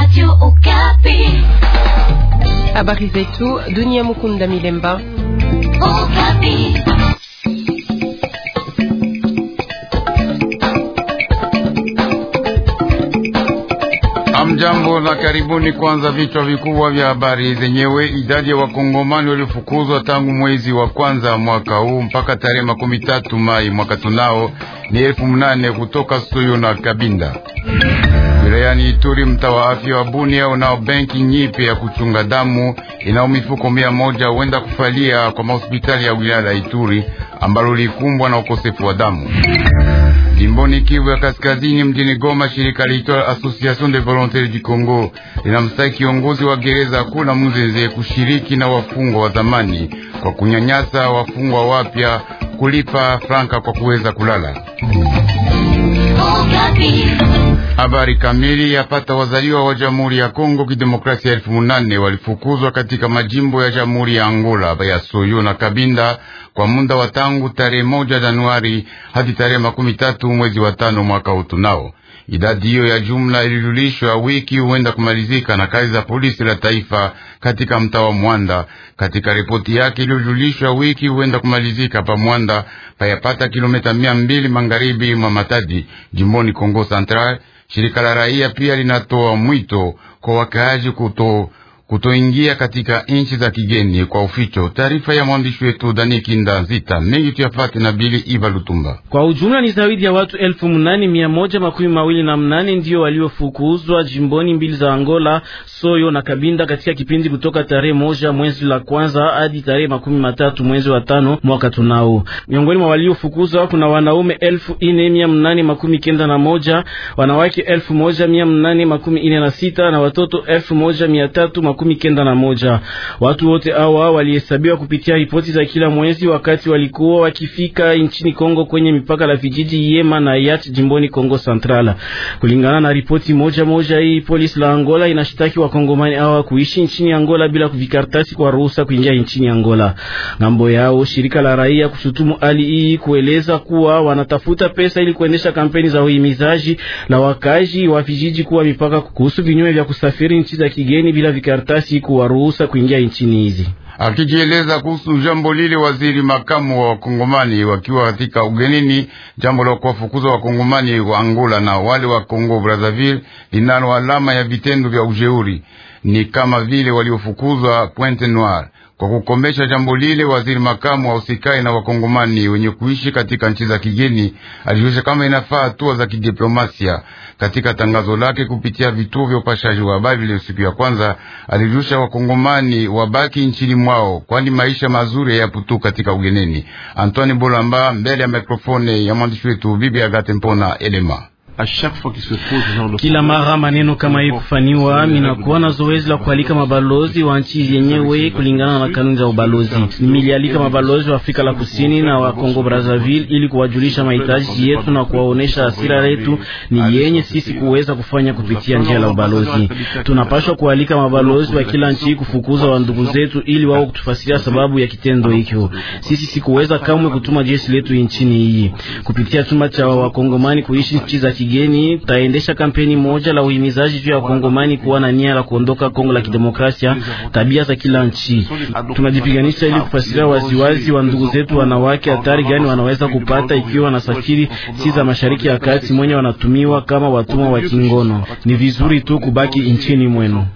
Radio Okapi. Habari zetu dunia, Mukunda Milemba. Okapi. Amjambo na karibuni. Kwanza vichwa vikubwa vya habari zenyewe. Idadi ya wakongomani waliofukuzwa tangu mwezi wa kwanza mwaka huu mpaka tarehe makumi tatu Mai mwaka tunao ni elfu mnane kutoka Soyo na Kabinda wilayani Ituri, mtaa wa afya wa Bunia unao benki nyipe ya kuchunga damu inao mifuko mia moja huenda kufalia kwa mahospitali ya wilaya la Ituri ambalo lilikumbwa na ukosefu wa damu. Jimboni Kivu ya Kaskazini, mjini Goma, shirika liitwa Association de Volontaires du Congo linamstaki kiongozi wa gereza kuu la Muzenze kushiriki na wafungwa wa zamani kwa kunyanyasa wafungwa wapya kulipa franka kwa kuweza kulala. Oh, Habari kamili yapata wazaliwa wa Jamhuri ya Kongo Kidemokrasia elfu munane walifukuzwa katika majimbo ya Jamhuri ya Angola ya Soyo na Kabinda kwa muda wa tangu tarehe moja Januari hadi tarehe makumi tatu mwezi wa tano mwaka utunao. Idadi hiyo ya jumla ilirudishwa wiki huenda kumalizika na kazi za polisi la taifa katika mtaa wa Mwanda. Katika ripoti yake ilirudishwa wiki huenda kumalizika pa Mwanda payapata kilomita mia mbili magharibi mwa Matadi, jimboni Kongo Central. Shirika la raia pia linatoa mwito kwa wakaaji kuto kutoingia katika nchi za kigeni kwa uficho. Taarifa ya mwandishi wetu Dani Kinda Zita mengi tuyafate na Bili Iva Lutumba. Kwa ujumla ni zaidi ya watu elfu mnane mia moja makumi mawili na mnane ndiyo waliofukuzwa jimboni mbili za Angola, Soyo na Kabinda katika kipindi kutoka tarehe moja mwezi la kwanza hadi tarehe makumi matatu mwezi wa tano mwaka tunao. Miongoni mwa waliofukuzwa kuna wanaume elfu ine mia mnane makumi kenda na moja wanawake elfu moja mia mnane makumi ine na sita na watoto elfu moja mia tatu makumi makumi kenda na moja. Watu wote hawa walihesabiwa kupitia ripoti za kila mwezi wakati walikuwa wakifika nchini Kongo kwenye mipaka la vijiji Yema na Yat jimboni Kongo Central. Kulingana na ripoti moja moja hii, polisi la Angola inashtaki wakongomani hawa kuishi nchini Angola bila kuvikartasi kwa ruhusa kuingia nchini Angola. Ngambo yao shirika la raia kushutumu hali hii kueleza kuwa wanatafuta pesa ili kuendesha kampeni za uhimizaji la wakazi wa vijiji kuwa mipaka kuhusu vinyume vya kusafiri nchi za kigeni bila vikartasi karatasi kuwaruhusa kuingia nchini hizi. Akijieleza kuhusu jambo lile, waziri makamu wa wakongomani wakiwa katika ugenini, jambo la kuwafukuza wakongomani wa Angola na wale wa Kongo Brazzaville linalo alama ya vitendo vya ujeuri, ni kama vile waliofukuzwa Pointe Noire. Kwa kukomesha jambo lile, waziri makamu wa usikai na wakongomani wenye kuishi katika nchi za kigeni alijulisha kama inafaa hatua za kidiplomasia. Katika tangazo lake kupitia vituo vya upashaji wa habari leo siku ya kwanza, alijulisha wakongomani wabaki nchini mwao, kwani maisha mazuri tu katika ugeneni. Antoine Bolamba mbele ya mikrofone ya mwandishi wetu bibi Agate Mpona Elema. Kila mara maneno kama hii kufaniwa minakuwa na zoezi la kualika mabalozi wa nchi zenyewe kulingana na kanuni za ubalozi. Nimelialika mabalozi wa Afrika la Kusini na wa Kongo Brazzaville ili kuwajulisha mahitaji yetu na kuwaonesha asira yetu ni yenye sisi kuweza kufanya kupitia njia la ubalozi. Tunapaswa kualika mabalozi wa kila nchi kufukuza wa ndugu zetu ili wao kutufasiria sababu ya kitendo hicho. Sisi sikuweza kamwe kutuma jeshi letu nchini hii kupitia chumba cha wakongomani kuishi nchi za kigeni taendesha kampeni moja la uhimizaji juu ya Kongomani kuwa na nia la kuondoka Kongo la kidemokrasia, tabia za kila nchi. Tunajipiganisha ili kufasiria waziwazi wa ndugu zetu wanawake hatari gani wanaweza kupata ikiwa wanasafiri si za mashariki ya kati, mwenye wanatumiwa kama watumwa wa kingono. Ni vizuri tu kubaki nchini mwenu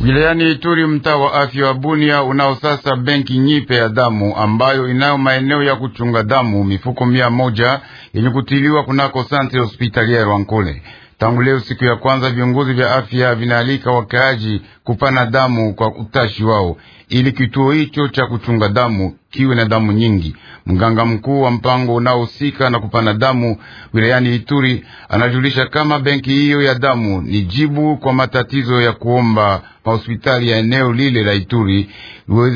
wilayani Ituri, mtaa wa afya wa Bunia unao sasa benki nyipe ya damu ambayo inayo maeneo ya kuchunga damu mifuko mia moja yenye kutiliwa kunako sante hospitalia ya Rwankole. Tangu leo siku ya kwanza, viongozi vya afya vinaalika wakaaji kupana damu kwa utashi wao, ili kituo hicho cha kuchunga damu kiwe na damu nyingi. Mganga mkuu wa mpango unaohusika na kupana damu wilayani Ituri anajulisha kama benki hiyo ya damu ni jibu kwa matatizo ya kuomba mahospitali ya eneo lile la Ituri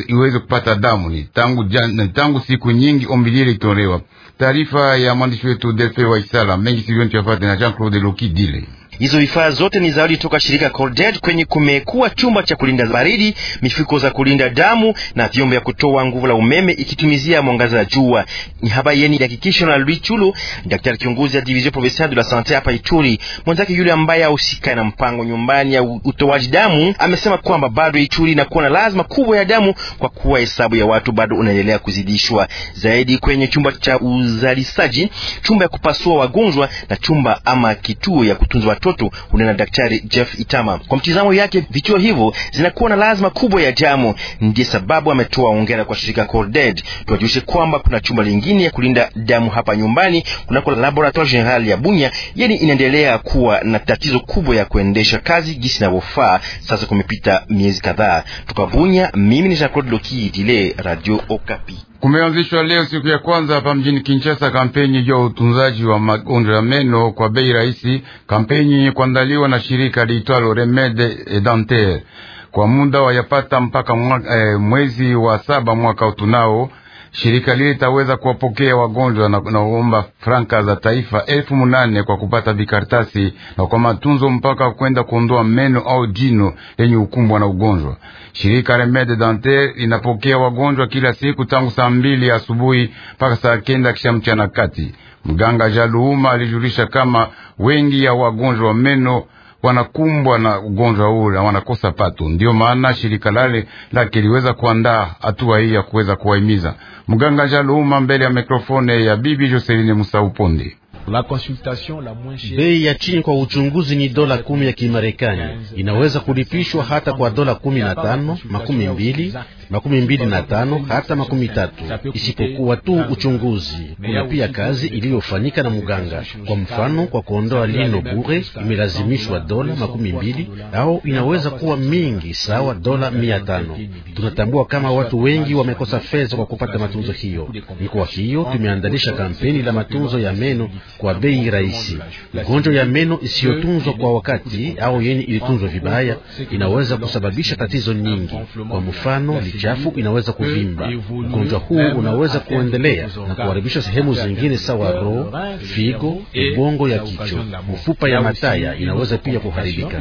iweze kupata damu. Ni tangu, jan, tangu siku nyingi ombi lile litolewa. Taarifa ya mwandishi wetu Delfe Waisala mengi sivyo tuyafate na Jean Claude Loki Dile. Hizo vifaa zote ni zawadi toka shirika Corded kwenye kumekuwa chumba cha kulinda baridi, mifuko za kulinda damu na vyombo vya kutoa nguvu la umeme ikitumizia mwangaza wa jua. Ni habari yeni hakikisho na Louis Chulu, daktari kiongozi ya division provinciale de la sante hapa Ituri. Mwenzake yule ambaye ahusika na mpango nyumbani ya utoaji damu amesema kwamba bado Ituri inakuwa na lazima kubwa ya damu kwa kuwa hesabu ya watu bado unaendelea kuzidishwa zaidi kwenye chumba cha uzalishaji, chumba ya kupasua wagonjwa na chumba ama kituo ya kutunza watu watoto hunena Daktari Jeff Itama. Kwa mtizamo yake, vituo hivyo zinakuwa na lazima kubwa ya damu, ndiye sababu ametoa ongera kwa shirika Corded. Tuwajulishe kwamba kuna chumba lingine ya kulinda damu hapa nyumbani kunako Laboratoire General ya Bunya, yani inaendelea kuwa na tatizo kubwa ya kuendesha kazi gisi inavyofaa. Sasa kumepita miezi kadhaa. Tukabunya, mimi ni Jean Claude Loki Dile, Radio Okapi. Kumeanzishwa leo siku ya kwanza hapa mjini Kinshasa kampeni ya utunzaji wa magonjwa ya meno kwa bei rahisi, kampeni yenye kuandaliwa na shirika liitwalo Remede Dentaire kwa muda wayapata mpaka mwa, eh, mwezi wa saba mwaka utunao Shirika lile litaweza kuwapokea wagonjwa na naomba franka za taifa elfu munane kwa kupata vikaratasi na kwa matunzo mpaka kwenda kuondoa meno au jino lenye ukumbwa na ugonjwa. Shirika Remede Dentaire linapokea wagonjwa kila siku tangu saa mbili asubuhi mpaka saa kenda kisha mchana kati. Mganga Jaluuma alijulisha kama wengi ya wagonjwa wa meno wanakumbwa na ugonjwa ule na wanakosa pato. Ndio maana shirika lale lake liweza kuandaa hatua hii ya kuweza kuwahimiza. Mganga Jaluma mbele ya mikrofone ya bibi Joseline Musauponde. La consultation la moins chère. Bei ya chini kwa uchunguzi ni dola kumi ya Kimarekani, inaweza kulipishwa hata kwa dola kumi na tano, makumi mbili, makumi mbili na tano hata makumi tatu, isipokuwa tu uchunguzi. Kuna pia kazi iliyofanyika na muganga, kwa mfano kwa kuondoa lino bure imelazimishwa dola makumi mbili au inaweza kuwa mingi sawa dola mia tano. Tunatambua kama watu wengi wamekosa fedha kwa kupata matunzo hiyo. Ni kwa hiyo tumeandalisha kampeni la matunzo ya meno kwa bei rahisi. Gonjwa ya meno isiyotunzwa kwa wakati au yenye ilitunzwa vibaya inaweza kusababisha tatizo nyingi. Kwa mfano, lichafu inaweza kuvimba. Ugonjwa huu unaweza kuendelea na kuharibisha sehemu zingine sawa roho, figo, ubongo ya kichwa. Mfupa ya mataya inaweza pia kuharibika.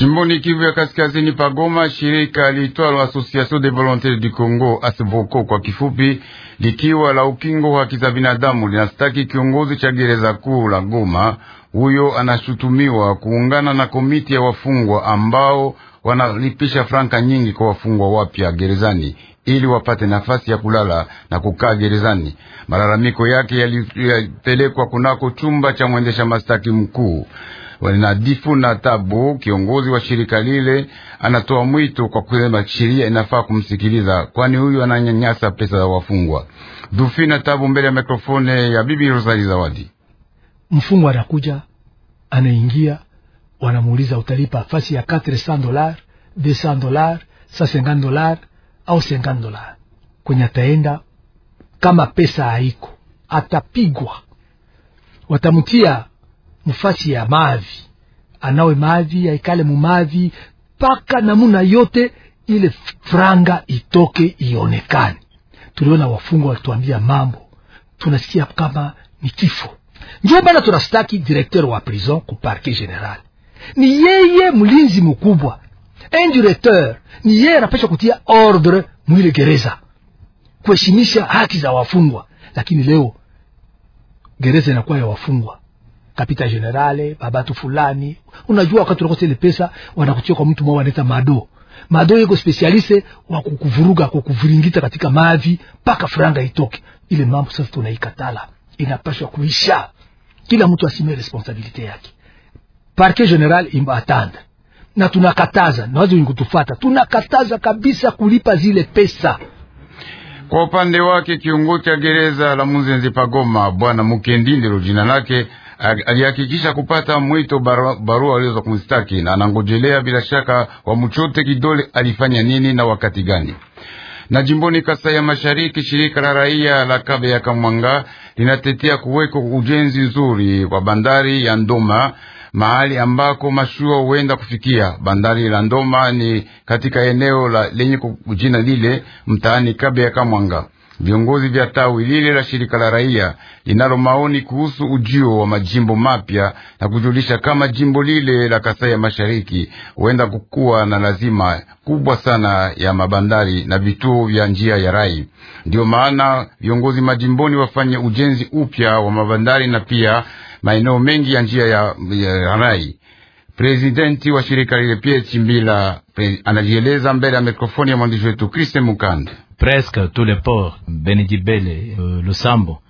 Jimboni Kivu ya kaskazini pagoma, shirika liitwalo Association de Volontaires du Congo Asiboko kwa kifupi, likiwa la ukingo wa haki za binadamu linastaki kiongozi cha gereza kuu la Goma. Huyo anashutumiwa kuungana na komiti ya wafungwa ambao wanalipisha franka nyingi kwa wafungwa wapya gerezani ili wapate nafasi ya kulala na kukaa gerezani. Malalamiko yake yalipelekwa kunako chumba cha mwendesha mashtaki mkuu walinadifu na tabu. Kiongozi wa shirika lile anatoa mwito kwa kusema sheria inafaa kumsikiliza, kwani huyu ananyanyasa pesa za wafungwa. Dufina Tabu mbele ya mikrofone ya Bibi Rosali Zawadi. Mfungwa anakuja anaingia, wanamuuliza utalipa fasi ya 400 dolar, 200 dolar, 50 dolar au 50 dolar. Kwenye ataenda kama pesa haiko atapigwa, watamutia mufasi ya mavi, anawe mavi aikale mumavi mpaka namuna yote ile franga itoke ionekane. Tuliona wafungwa walituambia mambo, tunasikia kama ni kifo. Ndio bana, tunastaki directeur wa prison ku parquet general, ni yeye mlinzi mkubwa directeur ni yeye anapasha kutia ordre mwile gereza, kuheshimisha haki za wafungwa, lakini leo gereza inakuwa ya wafungwa kapita generale babatu fulani. Unajua, wakati unakosa ile pesa wanakutia kwa mtu mmoja anaita mado mado, yeko specialiste wa kukuvuruga kwa kukuviringita katika mavi mpaka franga itoke. Ile mambo sasa tunaikatala, inapaswa kuisha. Kila mtu asimie responsabilite yake. parke general imba imbatanda na tunakataza na wazi kutufata, tunakataza kabisa kulipa zile pesa. Kwa upande wake kiongozi cha gereza la Muzenzi Pagoma, Bwana Mukendi ndilo jina lake alihakikisha kupata mwito barua, barua aliweza kumstaki na anangojelea bila shaka wa mchote kidole alifanya nini na wakati gani na jimboni Kasai ya Mashariki, shirika la raia la Kabe ya Kamwanga linatetea kuweko ujenzi nzuri wa bandari ya Ndoma mahali ambako mashua huenda kufikia. Bandari la Ndoma ni katika eneo la lenye jina lile mtaani Kabe ya Kamwanga viongozi vya tawi lile la shirika la raia linalo maoni kuhusu ujio wa majimbo mapya na kujulisha kama jimbo lile la Kasai ya Mashariki huenda kukuwa na lazima kubwa sana ya mabandari na vituo vya njia ya rai. Ndiyo maana viongozi majimboni wafanye ujenzi upya wa mabandari na pia maeneo mengi ya njia ya, ya rai Prezidenti wa shirika lile Pierre Chimbila anajieleza mbele ya mikrofoni ya mwandishi wetu Kriste Mukande. Presque tous les ports Benidibele, uh, Lusambo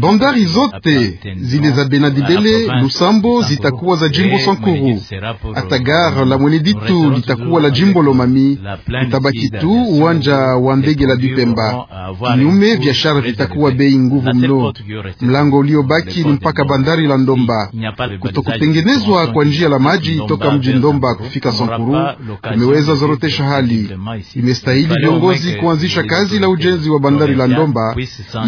Bandari zote zile za Benadidele Lusambo zitakuwa za eh, jimbo Sankuru, hata gare la Mweneditu litakuwa la jimbo Lomami. Kutabaki tu uwanja wa ndege la Butemba. Kinyume, biashara vitakuwa bei nguvu mno. Mlango uliobaki ni mpaka bandari la Ndomba. Kutokutengenezwa kwa njia la maji toka mji Ndomba kufika Sankuru imeweza zorotesha hali. Imestahili viongozi kuanzisha kazi la ujenzi wa bandari la Ndomba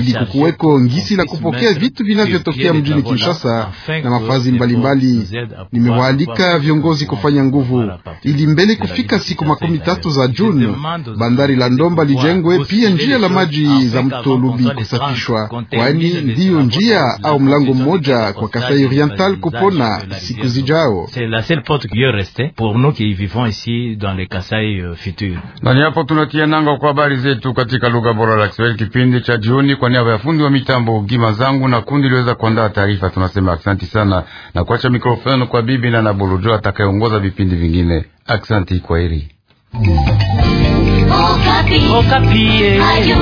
ili kukuweko ngisi na kupokea vitu vinavyotokea mjini Kinshasa na mavazi mbalimbali. Nimewaalika viongozi kufanya nguvu ili mbele kufika siku makumi tatu za Juni bandari la Ndomba lijengwe, pia njia la maji za mto Lubi kusafishwa, kwani ndiyo njia au mlango mmoja kwa Kasai Oriental kupona siku zijao. Euh, na hapo tunatia nanga kwa habari zetu katika lugha bora la Kiswahili, kipindi cha jioni, kwa niaba ya fundi wa mitambo Mitima zangu na kundi liweza kuandaa taarifa. Tunasema aksanti sana na kuacha mikrofoni kwa bibi na na Bulujo atakayeongoza vipindi vingine. Aksanti, kwa heri. Okapi. Oh, Okapi. Oh, eh. Ayu,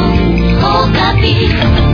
Okapi. Oh,